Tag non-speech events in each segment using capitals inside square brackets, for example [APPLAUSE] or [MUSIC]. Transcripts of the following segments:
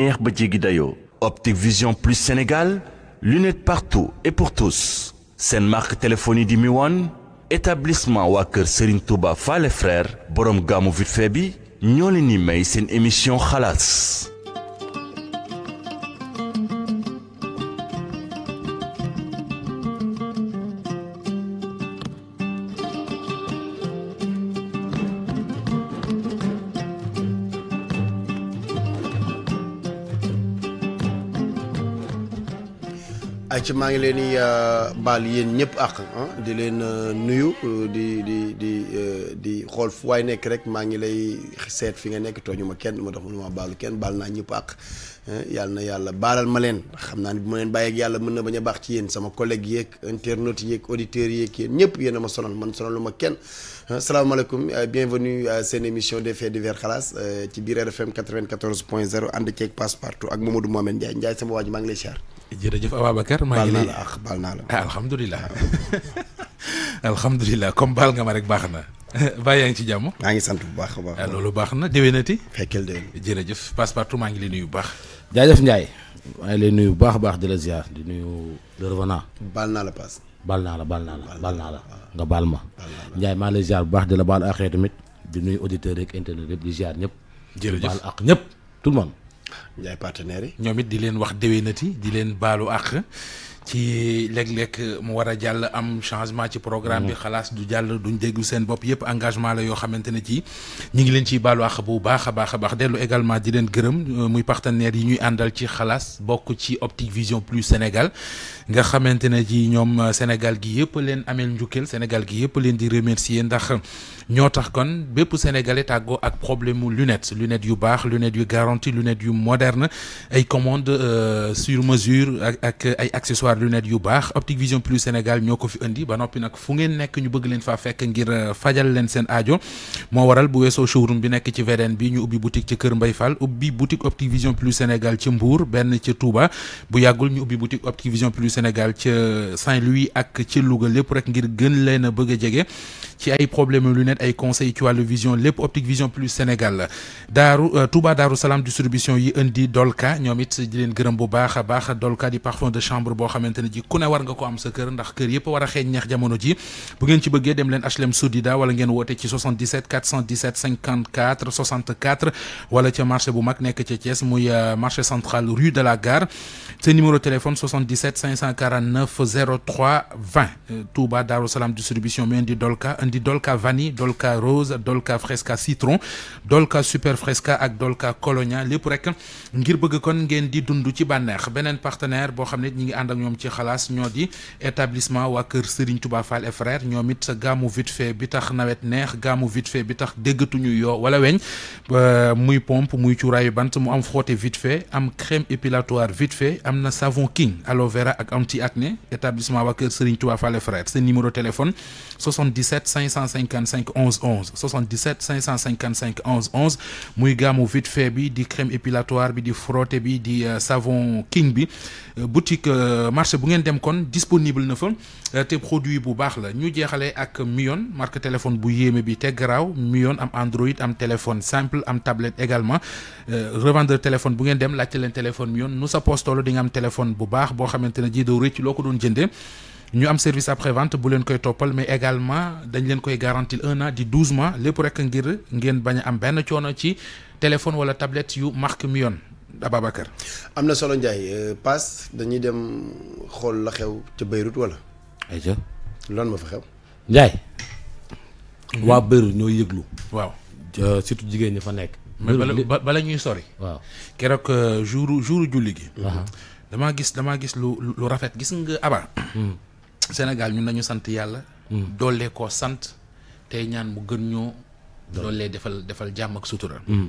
neex ba jéggi dayoo Optic Vision Plus Sénégal lunettes partout et pour tous seen marque téléphone yi di mi wan établissement waa kër Serigne Touba Fall frère borom gaamu vite fait bi ñoo leen ni may seen émission xalaas ay ci maa ngi leen di baal yéen ñëpp eh, àq di leen nuyu eh, di di di eh, di xool fu waay nekk rek maa ngi lay seet fi nga nekk tooñu ma kenn ma tax mënuma baalu kenn baal naa ñëpp àq yàlla na yàlla baalal ma leen xam naa bu ma leen bàyyeeg yàlla mën na bañ a baax ci yéen sama collègue yeeg internautes yeeg auditeurs yeeg yéen ñëpp yéen a ma sonal man sonalu ma kenn salaamaaleykum bienvenue à seen émission des faits divers xalaas ci biir RFM point ànd ceeg passe ak Mamadou Mohamed Ndiaye Ndiaye sama waa ji maa ngi lay siyaar jërëjëf Ababacar maa ngi lay baal naa la ak baal naa la ah, alhamdulilah [LAUGHS] alhamdulilah comme nga ma rek baax na [LAUGHS] baa yaa ngi ci jàmm maa ngi sant bu baax a baax ah, loolu baax na déwénati fekkeel déwén jërëjëf passe partout maa ngi lay nuyu baax jaajëf Ndiaye maa ngi lay nuyu baax a baax di la ziar di nuyu le revenant baal naa la baal naa la baal naa la baal naa la nga baal ma Ndiaye maa ngi lay bu baax di la baal axee tamit di nuyu auditeurs yeeg internet yëpp di ziar ñëpp jërëjëf baal ak ñëpp tout le Ndiaye partenaires yi. ñoom it di leen wax déwénati di leen baalu àq. ci léeg-léeg euh, mu war a jàll am changement ci programme bi mm-hmm. xalaas du jàll duñ déglu seen bopp yépp engagement la yoo xamante ne ci ñi ngi leen ci baalu àq bu baax a baax a baax dellu également di leen gërëm euh, muy partenaire yi ñuy àndal ci xalaas bokk ci Optique Vision Plus Sénégal nga xamante ne ci ñoom euh, Sénégal gi yépp leen amel njukkeel Sénégal gi yépp leen di remercier ndax ñoo tax kon bépp sénégalais tàggoo ak problème lunettes lunettes yu baax lunettes yu garantie lunettes yu moderne ay commandes sur mesure ak ay accessoires accessoire lunette yu bax Optique Vision Plus Sénégal ñoko fi andi ba nopi nak fu ngeen nek ñu bëgg leen fa fekk ngir euh, fajal leen seen aajo mo waral bu weesoo showroom bi nek ci VDN bi ñu ubbi boutique ci Kër Mbaye ubbi boutique Optique Vision Plus Sénégal ci Mbour ben ci Touba bu yagul ñu ubbi boutique Optique Vision Plus Sénégal ci euh, Saint-Louis ak ci Louga lepp rek ngir gën leena bëgg a ci ay problème lunette ay conseils ci wàllu vision lepp Optique Vision Plus Sénégal daru euh, Touba daru salam distribution yi indi Dolka ñomit di leen gërëm bu baaxa Dolka di parfum de chambre bo xamante ne ji ku ne war nga ko am sa kër ndax kër yëpp war a xeeñ ñeex jamono ji bu ngeen ci bëggee dem leen HLM Soudida wala ngeen woote ci 77 417 54 64 wala ca marché bu mag nekk ca Thiès muy euh, marché central rue de la gare seen numéro de téléphone 77 549 03 20 Touba Darou Salam distribution mu indi Dolka indi Dolka vanille Dolka rose Dolka fresca citron Dolka super fresca ak Dolka colonia lépp rek ngir bëgg kon ngeen di dund ci bànneex beneen partenaire boo xam ne ñi ngi ànd ak ñoom ci xalaas ñoo établissement wa kër Serigne Touba Fall et frère it vite fait bi tax nawet neex gamu vite fait bi tax déggatuñu yo wala weñ muy pompe muy cuuraayu bant mu am frotté vite fait am crème épilatoire vite fait am savon king aloe vera ak anti acné établissement wa kër Serigne Touba Fall et frère c'est numéro de téléphone 77 555 11 11 77 555 11 11 muy gamu vite fait bi di crème épilatoire bi di frotté bi di euh, savon king bi euh, boutique euh, marché bu ngeen dem kon disponible na fa produits euh, produit bu baax la ñu jéxalé ak Mion marque téléphone bu yéme bi té graw Mion am Android am téléphone simple am tablette également euh, revendeur téléphone bu ngeen dem laajte leen téléphone Mion nous sa postolo di nga am téléphone bu baax bo xamanténi ji do rëcc loko doon jëndé ñu am service après vente bu leen koy topal mais également dañ leen koy garantir un an di douze mois lépp rek ngir ngeen baña am benn coono ci téléphone wala tablette yu marque Mion. Ababacar. am na solo Ndiaye euh, paas dañuy dem xool la xew ca Beyrouth wala. ayca loolu ma fa xew. Ndiaye. Mhm. waa Beyrouth ñoo yëglu. waaw surtout jigéen ñi fa nekk. mais bala bala ñuy sori. waaw keroog jour euh, jour julli gi. damaa gis damaa gis lu lu rafet gis nga Aba. Hmm. Sénégal ñun nañu sant yàlla. Hmm. doole ko sant tey ñaan mu gën ñoo. doole defal defal jàmm ak sutura. Hmm.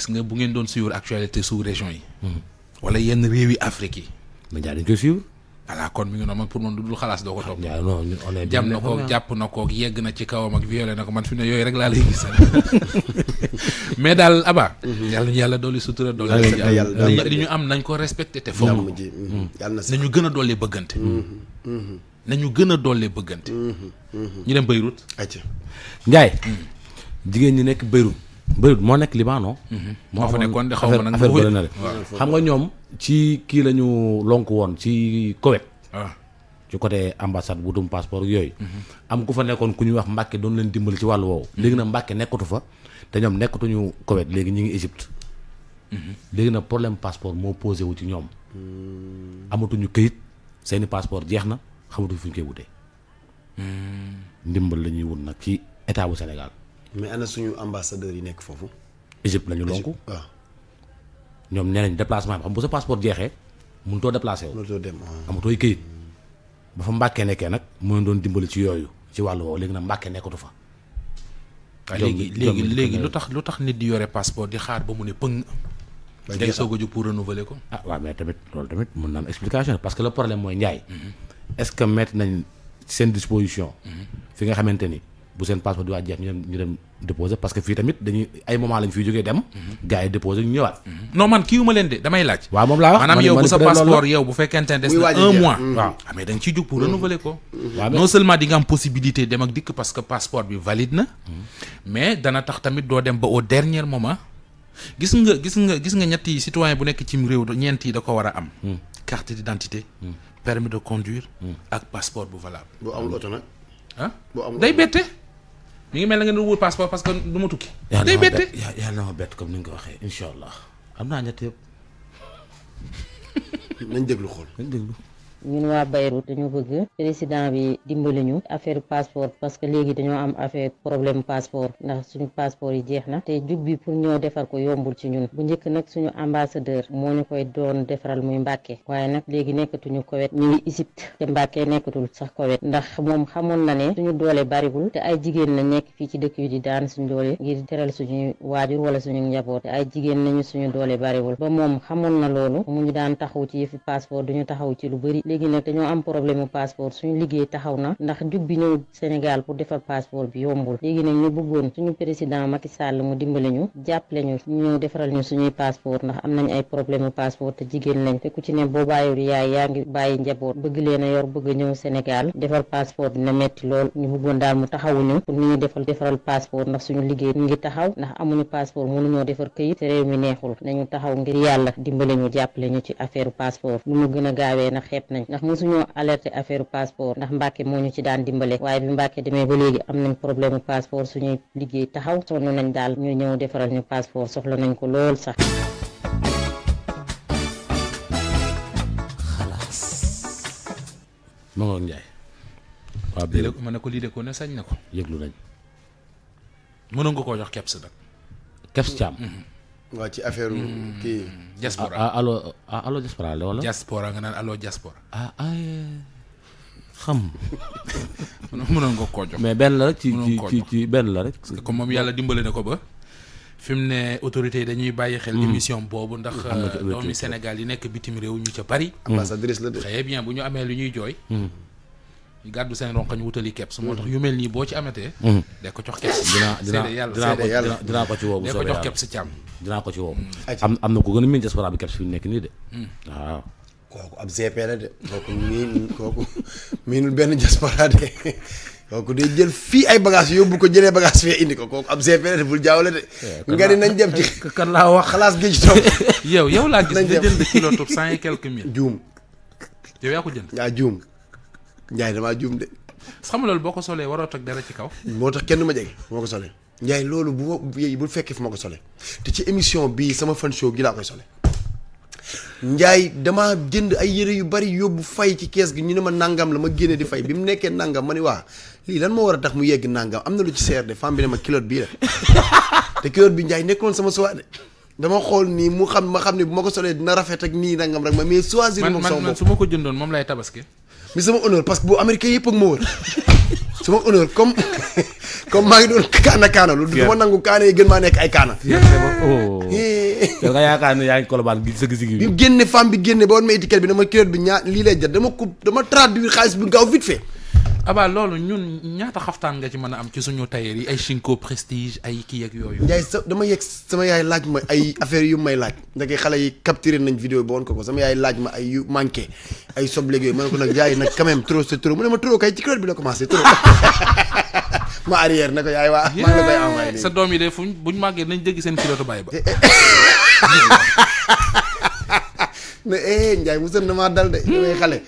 gis nga bu ngeen doon suivre actualité sous région yi. Hmm. wala yenn réew yi Afrique yi. mais dañ koy suivre. voilà kon mi ngi noonu man pour man du dul xalaas doo ko topp. waaw non on jàpp na ko jàpp na ko yegg na ci kawam ak violé na ko man fi ne yooyu rek laa lay gis. [LAUGHS] mais daal Aba. Mhm. yàlla yàlla dolli sutura dolli. yàlla li ñu am nañ ko respecté te a mhm. mhm. yàlla na ñu gën a dolli bëggante. nañu gën a dolli bëggante. ñu dem Beyrouth. ayca Ndiaye. Hmm. jigéen ñi nekk Beyrouth. bëriwul moo nekk Liban non. Mhm. moo fa nekkoon de xaw ma nag xam nga ñoom ci kii la ñu lonk woon ci Koweït. Ah. ci côté ambassade bu dum passeport yooyu. Mhm. am ku fa nekkoon ku ñuy wax Mbàkke doon leen dimbali ci wàllu woowu. Mhm. léegi nag Mbàkke nekkatu fa te ñoom nekkatuñu Koweït léegi ñu ngi Égypte. léegi nag problème passeport moo posé wu ci ñoom. Hmm. amatuñu këyit seeni passeport jeex na xamatuñ fu ñu koy wutee. Hmm. ndimbal la ñuy wut nag ci état bu Sénégal. mais ana suñu ambassadeur yi nekk foofu. Égypte lañu lonk waaw. ñoom nee nañ déplacement bi xam bu sa passeport jeexee mënutoo déplacé wu. mënutoo dem amatooy këyit ba fa Mbàkke nekkee nag mooy doon dimbali ci yooyu ci wàllu woowu léegi nag Mbàkke nekkatu fa. léegi léegi léegi lu tax lu tax nit di yore passeport di xaar ba mu ne pëng. ba jeex soog a jóg pour renouveler ko. ah waaw mais tamit loolu tamit mën na am explication parce que le problème mooy Ndiaye. Mhm. est-ce que mettre nañ seen disposition. Mhm. fi nga xamante ni. bu seen passeport di waa jeex ñu dem ñu dem déposer parce que fii tamit dañuy ay moment lañ fiy jógee dem. gars yi déposer ñu ñëwaat. non man kii ma leen de damay laaj. waaw moom laa wax maanaam yow bu sa passeport yow bu fekkente ne des na un mois. waaw mm. ah, mais da nga ciy jug pour mm. renouveler ko. non dikk parce que passeport bi valide na. mais dana tax tamit doo dem ba au dernier moment. gis nga gis nga gis nga ñetti citoyen bu nekk ci cim réew ñeent yi da ko war a am. Mm. carte dentité permis de conduire. ak passeport bu valable. bu amul oto nag. ah day bette. mi ngi mel na ngeen di wut parce que du ma tukki. day bette yàlla na ma bett comme ni nga waxee incha am naa ñett yëpp. nañ déglu xool nañ déglu. ñun waa Bayrou dañoo bëgg président bi dimbali ñu affaire passeport parce que léegi dañoo am affaire problème passeport ndax suñu passeport yi jeex na te jug bi pour ñoo defar ko yombul ci ñun bu njëkk nag suñu ambassadeur moo ñu koy doon defaral muy Mbàkke waaye nag léegi nekkatuñu Koweït ñu ngi Égypte nekkatul sax Koweït ndax moom xamoon na ne suñu doole bariwul te ay jigéen la nekk fii ci dëkk yu di daan suñu doole ngir teral suñu waajur wala suñu njaboot te ay jigéen nañu suñu doole bariwul ba moom xamoon na loolu mu ñu daan taxaw ci yëfi passeport duñu taxaw ci lu bari léegi nag dañoo am problème passeport suñu liggéey taxaw na ndax jug bi ñëw pour defar passeport bi yombul léegi nag ñu bëggoon suñu président Macky Sall mu dimbali ñu jàppale ñu ñëw defaral ñu suñuy passeport ndax am nañ ay problème passeport te jigéen a a mu dimbali ñu jàppale ñu ci affaire passeport lu mu gën a gaawee na xeeb na nañ ndax mosuñoo alerté affaire passeport ndax Mbàkke moo ñu ci daan dimbale waaye bi Mbàkke demee ba léegi am nañ problème passeport suñuy liggéey taxaw sonn nañ daal ñu ñëw defaral ñu passeport soxla nañ ko lool sax xalaas ma Njaay waaw bi ma ne ko lii de ko ne sañ na ko yëglu nañ mënoon nga koo jox keps nag keps caam waa ci affaire mm. kii. diaspora ah, ah allo ah allo diaspora la wala. diaspora nga naan allo diaspora. ah ay xam. [LAUGHS] mënoon nga koo jox. mais benn la rek ci ci ci benn la rek. parce que comme moom yàlla dimbale na ko ba. fi mu ne autorités yi dañuy bàyyi xel. Mm. émission boobu ndax. Euh, doomi Sénégal yi nekk bitim réew ñu ca Paris. Mm. ambassadrice la de. très bien bu ñu amee lu ñuy jooy. ñu gàddu seen ronk ñu wutali keps moo tax yu mel nii boo ci amatee mm-hmm. de ko jox keps dina [LAUGHS] dina dina dina ko ci woo bu soobee yàlla keps càmm dina ko ci woo am am na ko gën min, miin diaspora bi keps fi nekk nii de mm. waaw kooku ab gp la de kooku miin kooku [LAUGHS] miinul benn diaspora de kooku day jël fii ay bagage yóbbu ko jëlee bagage fee indi ko kooku ab gp la de bul jaawle de eh, kan nga ni nañ dem ci [LAUGHS] kan laa wax xalaas gi ci topp yow yow laa gis nga jënd kilo tub cent et quelques mille juum yow Ya ko jënd yaa juum Ndiaye damaa juum de. xam nga loolu boo ko solee waroo teg dara ci kaw. moo tax kenn ma jege moo ko solee. Ndiaye loolu bu ma bu fekkee fu ma ko solee te ci émission bii sama fan show gi laa koy solee Ndiaye damaa jënd ay yëre yu bari yóbbu fay ci kees gi ñu ne ma nangam la ma génne di fay bi mu nekkee nangam ma ni waa lii lan moo war a tax yegg nangam am na lu ci de femme bi ne ma kilote bii la te kilote bi Ndiaye nekkoon sama soie de dama xool nii mu xam ma xam ni bu ma ko solee dina rafet ak nii nangam rek ma mais choisir. moom sama su ma ko jëndoon moom lay tabaski. mi sama honneur parce que bu américain yëpp ak ma wër sama [LAUGHS] honneur comme [LAUGHS] comme maa ngi doon kaana kaana lu du ma nangu kaana yi gën maa nekk ay kaana. Oh. [LAUGHS] yow nga yaakaar ne yaa ngi kolobaan gi sëgg sigi bi génne femme bi génne ba woon ma étiquette bi dama culotte bi ñaar lii lay jar dama ko dama traduire xaalis bi gaaw vite fait abaa loolu ñun ñaata xaftaan nga ci mën a am ci suñu tailleur yi ay Chinko prestige ay kii ak yooyu. yaay sa dama yegg sama yaay laaj ma ay affaire yu may laaj ndeke xale yi capturé nañ vidéo ba woon ko ko sama yaay laaj ma ay yu manqué ay sobleeg yooyu ma ne ko nag nag quand même trop c'est trop mu ne ma trop kay ci kër bi la commencé trop. [LAUGHS] ma arrière na ko yaay waa maa ngi la koy envoyé sa doom yi de fuñ buñ màggee nañ dégg seen kilotu bàyyi ba. Eh, eh. [LAUGHS] ne eh Ndiaye mu sën na maa dal de. [LAUGHS] damay xale.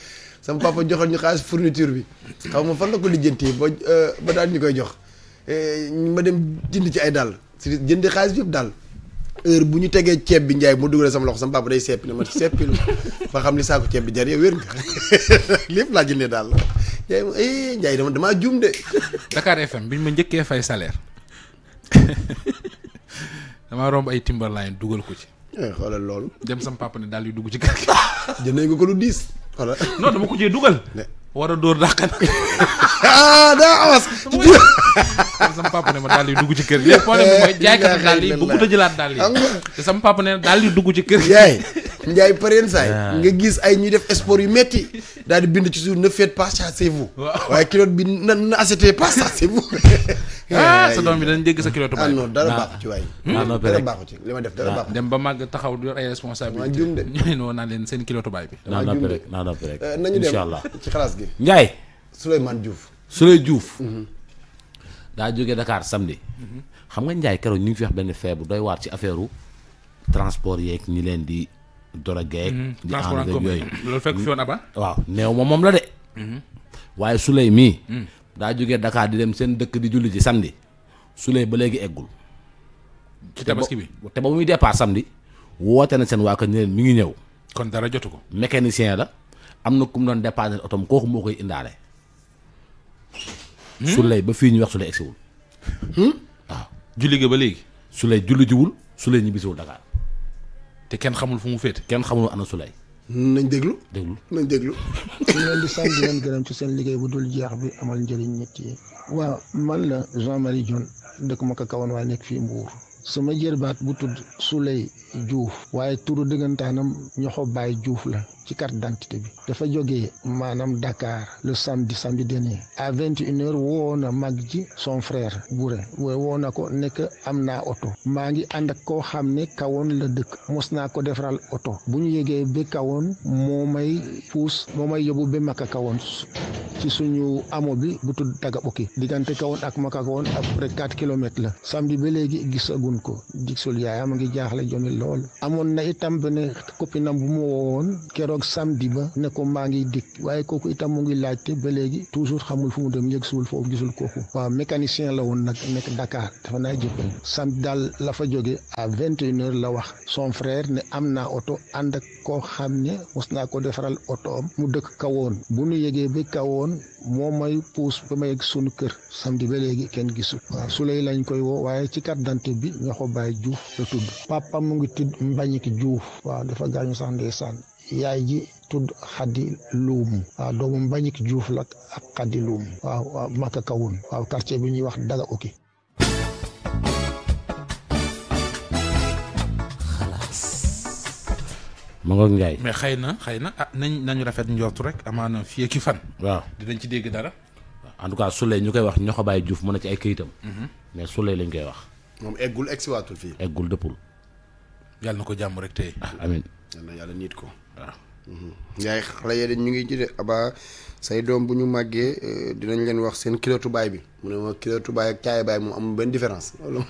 sama papa joxoon ñu xaalis fourniture bi xaw ma fan la ko lijjanti ba euh, ba daal ñu koy jox eh, ma dem jënd ci ay dàll si jëndee xaalis bi yëpp dàll bu ñu tegee ceeb bi njaay mu dugalee sama loxo sama papa day seppi na ma seppi lu ma xam ni saako ceeb bi jar yow wér nga [LAUGHS] lépp laa jëndee daal njaay ma eh njaay damaa juum de. Dakar FM bi ñu ma njëkkee fay salaire [LAUGHS] damaa romb ay timbalaan dugal ko ci. Eh, xoolal loolu. dem sama papa ne daal di dugg ci kër gi. [LAUGHS] jëndee nga ko lu diis. xoolal non dama ko cee dugal. war a dóor dàqan. ah daa awas. [LAUGHS] sama daal di dugg ci kër gi. problème bi yi bëggut a jëlaat dal yi. te sama papa ne daal di dugg ci kër yaay njaay pareen saay ah. nga gis ay ñuy def espoor yu metti daal bind ci suuf ne faites pas ça c'est waaye kilote bi na na acceptez pas ça [LAUGHS] ah sa doom bi dañ dégg sa kilo ah non dara baaxu ci waay dara baaxu ci li def dara dem ba màgg taxaw du ay responsabilité de ñu seen kilo tubaab bi naa napp rek naa napp rek inshallah ci xalaas gi njaay Souleymane Diouf Souley Diouf daa jóge Dakar samedi xam nga njaay ñu fi wax doy ci transport yeeg ñi leen di dorogeeg mhm. di enlevé yooyu loolu fekk fi woon aba ah? waaw neew la de mhm. Souley daa jógee dakaar di dem seen dëkk di julli ji samedi Souley ba léegi eggul. ci tabaski bi te ba muy départ samedi woote na seen waa kër leen mi ngi ñëw. kon dara jotu ko. mécanicien la am na ku mu doon dépanner otom kooku moo koy indaale. Hmm? Souley ba fii ñuy wax Souley egsiwul. Hmm? waaw julli ga ba léegi. Souley julli jiwul Souley ñibbisiwul Dakar. te kenn xamul fu mu féet kenn xamul na Souley. nañ déglu. déglu nañ déglu. ñu leen di sant di leen gërëm ci seen liggéey bu dul jeex bi amal njëriñ nit yi. waaw man la Jean Marie Dione dëkk ma ko kawoon waaye nekk fii Mbour. sama jërbaat bu tudd Souley juuf waaye turu dëggantaanam ñoxo baay juuf la ci carte d'identité bi dafa jógee maanaam dakaar le samedi samedi dernier à vingt une heures woo na mag ji son frère Bouré woo na ko nekk am naa oto maa ngi ànd ak koo xam ne kawoon la dëkk mos naa ko defaral oto bu ñu yegee ba kawoon moo may puus moo may yóbbu ba makka kawoon ci suñu amo bi bu tud taga bokki digante kawon ak maka kawon ak peu près 4 km la samedi ba léegi gisagun ko jigsul yaayam ngi jaxle jomi lol amon na itam benn copinam bu mu wowoon sam samedi ba ne ko ma ngi dik waye koku itam mo ngi laajte be legi toujours xamul fu mu dem yëgsuwul fofu gisul koku wa mécanicien la won nak nek Dakar dafa naa jëppal samedi dal la fa joge à 21 h la wax son frère ne amna auto anda ko xamne musna ko defaral auto mu dekk kawon bu nu yegge be kawon moom may puus ba may egg sunu kër samedi ba léegi kenn gisul waaw su lay lañ koy woo waaye ci carte d'identité bi ñoo ko bàyyi Diouf la tudd papa mu ngi tudd Mbagnick Diouf waaw dafa gaañu sax ndeysaan yaay ji tudd xaddi luum waaw doomu Mbagnick Diouf la ak xaddi luum waaw waaw Maka Kawun waaw quartier bi ñuy wax Daga Oki ma ngoog Ndiaye. mais xëy na na ah nañu rafet njortu rek amaana fii ki fan. waaw dinañ ci dégg dara. en tout cas Souley ñu koy wax ñoo ko bàyyi Diouf mën na ci ay këyitam. Mhm. mais Souley lañ koy wax. moom eggul egg si waatul fii. eggul dëppul. yàlla na ko jàmm rek tey. ah amiin. yàlla na ko waaw. Mm-hmm. yaay xale ya ñu ngi ci aba say doom bu ñu màggee euh, dinañ leen wax seen kilo bay bi mu ne ma kilo tubaay ak tay bay moom am ben différence loolu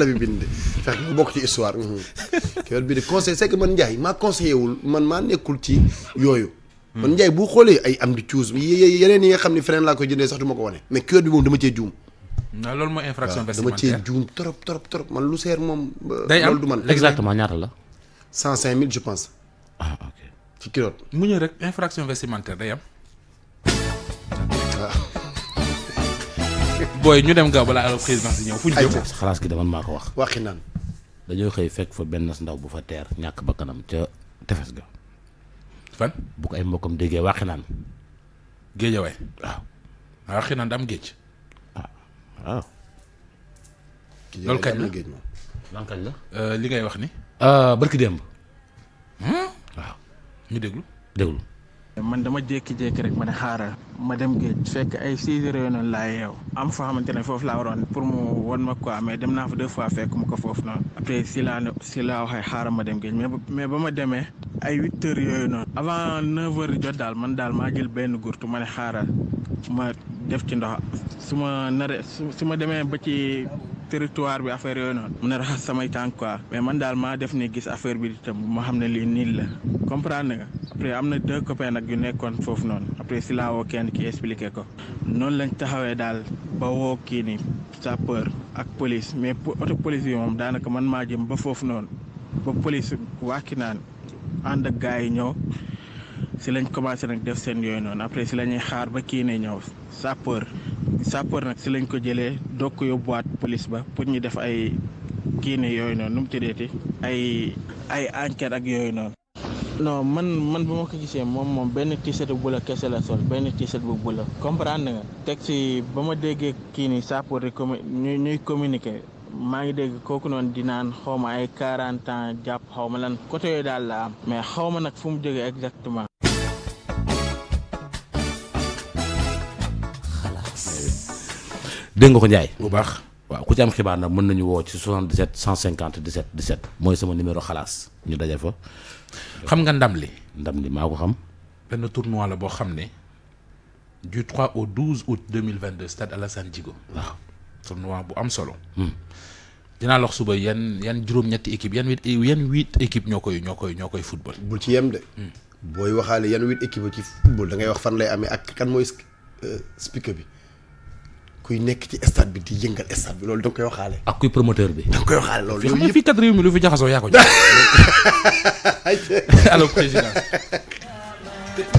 la [LAUGHS] bi bind fex nga bok ci histoire mm-hmm. [LAUGHS] kilo bi de conseil c'est que man Ndiaye ma conseillé wul man ma nekkul ci yooyu mm-hmm. man Ndiaye bu xolé ay am di cuus yeneen yi nga xamni ne la laa koy jëndee sax duma ko wane mais kilo bi moom dama cee juum na lolu mo infraction vestimentaire dama cee juum torop torop torop man lu ser mom day du man exactement ñaata la 105000 je pense ah ok ci mu ñëw rek infraction vestimentaire day am. [LAUGHS] booy ñu dem gaaw balaa président si ñëw fu ñu jëm xalaas gi dama maa ko wax. waxi naan. dañoo xëy fekk fa benn ndaw bu fa teer ñàkk ba kanam ca tefes ga. fan. bu ko ay mbokkam déggee waxi naan. géej waay. waaw. waxi naan da géej. Ah, loolu kañ la euh, li ngay wax ni. Euh, barki démb. Hmm? ñu déglu déglu. man dama jékki-jékki rek ma ne xaaral ma dem géej fekk ay six heures noonu laa yeew am foo xamante ne foofu laa waroon pour mu won ma ko mais dem naa fa deux fois fekk mu ko foofu noonu après si laa si xaaral ma dem géej mais mais ba ma demee ay huit heures yooyu noonu avant neuf jot daal man daal maa jël benn gurtu ma ne xaaral ma def ci ndox su ma naree su ma demee ba ci territoire bi affaire yooyu noonu mun a raxas samay tànk quoi mais man daal maa def ne gis affaire bi itam ma xam ne lii nii la comprendre nga après am na deux copains nag yu nekkoon foofu noonu après si laa kenn ki ko noonu lañ taxawee daal ba kii ni sapeur ak police mais oto daanaka man maa jëm ba foofu noonu ba police wàcci naan ànd ak gars yi ñëw si lañ commencé nag def seen yooyu noonu après si la ñuy xaar ba kii ne ñëw sapeur sapeur nag si lañ ko jëlee doog ko yóbbuwaat police ba pour ñu def ay kiine yooyu noonu nu mu tëddeeti ay ay enquête ak yooyu noonu no man man bu ma moom moom benn tiset bu bula kese la sol benn tiset bu bula comprendre nga teg si ba ma déggee kii nii sapeur di commu ñuy communiquer maa ngi dégg kooku noonu di naan xaw ma ay quarante ans jàpp xaw ma lan côté yooyu daal la am mais xaw ma nag fu mu jógee exactement dégg ko Ndiaye. bu baax waaw ku ci am xibaar na mën nañu wo ci 77 150 17 17 moy sama numéro xalaas ñu daje fa. xam nga ndam li. ndam li maa xam. ben tournoi la bo xam ne du 3 au 12 août 2022 stade Alassane Djigo. waaw tournoi bu am solo. hmm dinaa lox suba yan yan juróom-ñetti équipe yan huit yan huit équipe ñokoy ñokoy ñokoy football. bu ci yem de. Hmm. boy waxale yan 8 équipe ci football da ngay wax fan lay amé ak kan moy euh, speaker bi. A nekk ci stade bi promoteur bi. koy le [LAUGHS] président. [LAUGHS]